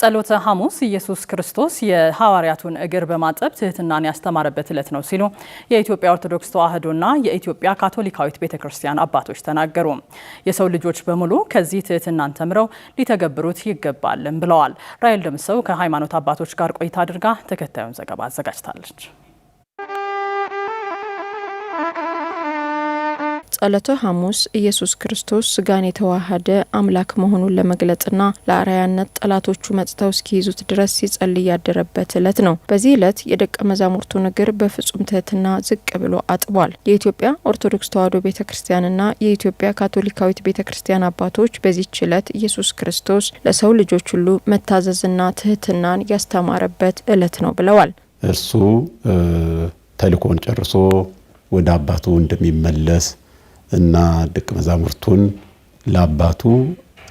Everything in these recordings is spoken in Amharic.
ጸሎተ ሐሙስ ኢየሱስ ክርስቶስ የሐዋርያቱን እግር በማጠብ ትህትናን ያስተማረበት ዕለት ነው ሲሉ የኢትዮጵያ ኦርቶዶክስ ተዋሕዶና የኢትዮጵያ ካቶሊካዊት ቤተ ክርስቲያን አባቶች ተናገሩ። የሰው ልጆች በሙሉ ከዚህ ትህትናን ተምረው ሊተገብሩት ይገባልም ብለዋል። ራይል ደምሰው ከሃይማኖት አባቶች ጋር ቆይታ አድርጋ ተከታዩን ዘገባ አዘጋጅታለች። ጸሎተ ሐሙስ ኢየሱስ ክርስቶስ ስጋን የተዋሃደ አምላክ መሆኑን ለመግለጽና ለአርአያነት ጠላቶቹ መጥተው እስኪይዙት ድረስ ሲጸልይ ያደረበት ዕለት ነው። በዚህ ዕለት የደቀ መዛሙርቱ እግር በፍጹም ትህትና ዝቅ ብሎ አጥቧል። የኢትዮጵያ ኦርቶዶክስ ተዋሕዶ ቤተ ክርስቲያንና የኢትዮጵያ ካቶሊካዊት ቤተ ክርስቲያን አባቶች በዚህች ዕለት ኢየሱስ ክርስቶስ ለሰው ልጆች ሁሉ መታዘዝና ትህትናን ያስተማረበት ዕለት ነው ብለዋል። እርሱ ተልእኮን ጨርሶ ወደ አባቱ እንደሚመለስ እና ደቀ መዛሙርቱን ለአባቱ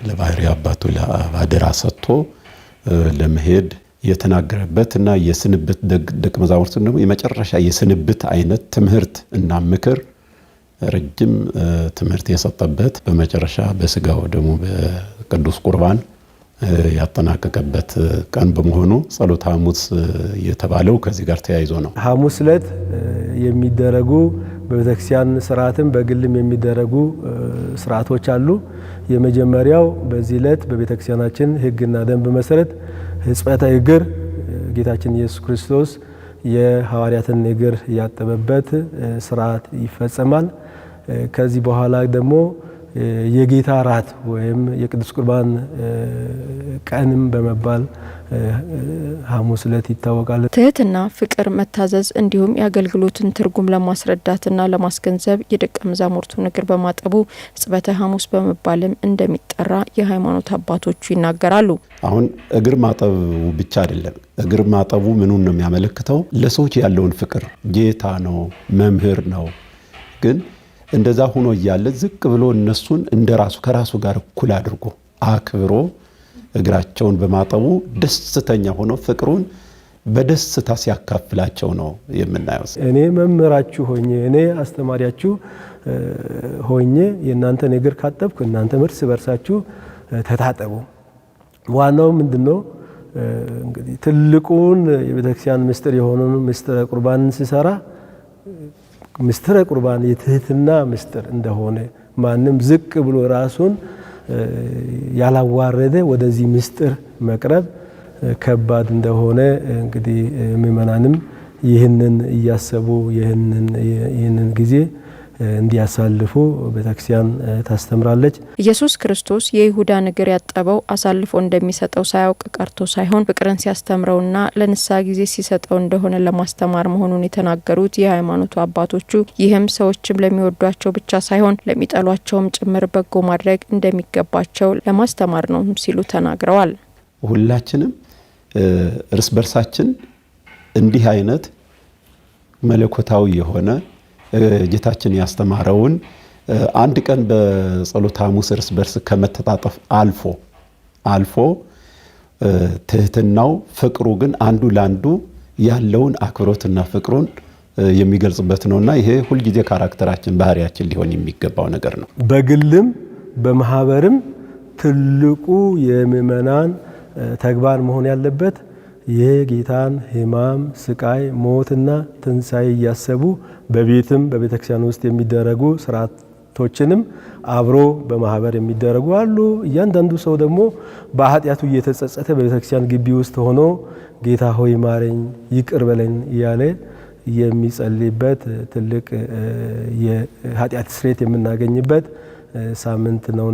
ለባህሪ አባቱ ለአደራ ሰጥቶ ለመሄድ የተናገረበት እና የስንብት ደቀ መዛሙርቱን ደግሞ የመጨረሻ የስንብት አይነት ትምህርት እና ምክር ረጅም ትምህርት የሰጠበት በመጨረሻ በስጋው ደግሞ በቅዱስ ቁርባን ያጠናቀቀበት ቀን በመሆኑ ጸሎት ሐሙስ የተባለው ከዚህ ጋር ተያይዞ ነው። ሐሙስ ዕለት የሚደረጉ በቤተክርስቲያን ስርዓትም በግልም የሚደረጉ ስርዓቶች አሉ። የመጀመሪያው በዚህ ዕለት በቤተክርስቲያናችን ሕግና ደንብ መሰረት ሕጽበተ እግር ጌታችን ኢየሱስ ክርስቶስ የሐዋርያትን እግር ያጠበበት ስርዓት ይፈጸማል። ከዚህ በኋላ ደግሞ የጌታ ራት ወይም የቅዱስ ቁርባን ቀንም በመባል ሐሙስ ዕለት ይታወቃል። ትህትና፣ ፍቅር፣ መታዘዝ እንዲሁም የአገልግሎትን ትርጉም ለማስረዳትና ለማስገንዘብ የደቀ መዛሙርቱ እግር በማጠቡ ጽበተ ሐሙስ በመባልም እንደሚጠራ የሃይማኖት አባቶቹ ይናገራሉ። አሁን እግር ማጠቡ ብቻ አይደለም። እግር ማጠቡ ምኑን ነው የሚያመለክተው? ለሰዎች ያለውን ፍቅር ጌታ ነው፣ መምህር ነው ግን እንደዛ ሆኖ እያለ ዝቅ ብሎ እነሱን እንደ ራሱ ከራሱ ጋር እኩል አድርጎ አክብሮ እግራቸውን በማጠቡ ደስተኛ ሆኖ ፍቅሩን በደስታ ሲያካፍላቸው ነው የምናየው። እኔ መምህራችሁ ሆኜ እኔ አስተማሪያችሁ ሆኜ የእናንተን እግር ካጠብኩ እናንተ እርስ በርሳችሁ ተታጠቡ። ዋናው ምንድን ነው እንግዲህ ትልቁን የቤተክርስቲያን ምስጢር የሆኑን ምስጢረ ቁርባንን ሲሰራ ምስጢረ ቁርባን የትህትና ምስጢር እንደሆነ ማንም ዝቅ ብሎ ራሱን ያላዋረደ ወደዚህ ምስጢር መቅረብ ከባድ እንደሆነ እንግዲህ ምእመናንም ይህንን እያሰቡ ይህንን ጊዜ እንዲያሳልፉ ቤተክርስቲያን ታስተምራለች። ኢየሱስ ክርስቶስ የይሁዳን እግር ያጠበው አሳልፎ እንደሚሰጠው ሳያውቅ ቀርቶ ሳይሆን ፍቅርን ሲያስተምረውና ለንስሐ ጊዜ ሲሰጠው እንደሆነ ለማስተማር መሆኑን የተናገሩት የሃይማኖቱ አባቶቹ ይህም ሰዎችም ለሚወዷቸው ብቻ ሳይሆን ለሚጠሏቸውም ጭምር በጎ ማድረግ እንደሚገባቸው ለማስተማር ነው ሲሉ ተናግረዋል። ሁላችንም እርስ በርሳችን እንዲህ አይነት መለኮታዊ የሆነ ጌታችን ያስተማረውን አንድ ቀን በጸሎተ ሐሙስ እርስ በርስ ከመተጣጠፍ አልፎ አልፎ ትህትናው ፍቅሩ ግን አንዱ ለአንዱ ያለውን አክብሮትና ፍቅሩን የሚገልጽበት ነውና ይሄ ሁልጊዜ ካራክተራችን ባህሪያችን ሊሆን የሚገባው ነገር ነው። በግልም በማህበርም ትልቁ የምእመናን ተግባር መሆን ያለበት የጌታን ሕማም፣ ስቃይ፣ ሞትና ትንሣኤ እያሰቡ በቤትም በቤተ ክርስቲያን ውስጥ የሚደረጉ ስርዓቶችንም አብሮ በማህበር የሚደረጉ አሉ። እያንዳንዱ ሰው ደግሞ በኃጢአቱ እየተጸጸተ በቤተ ክርስቲያን ግቢ ውስጥ ሆኖ ጌታ ሆይ ማረኝ፣ ይቅር በለኝ እያለ የሚጸልይበት ትልቅ የኃጢአት ስሬት የምናገኝበት ሳምንት ነው።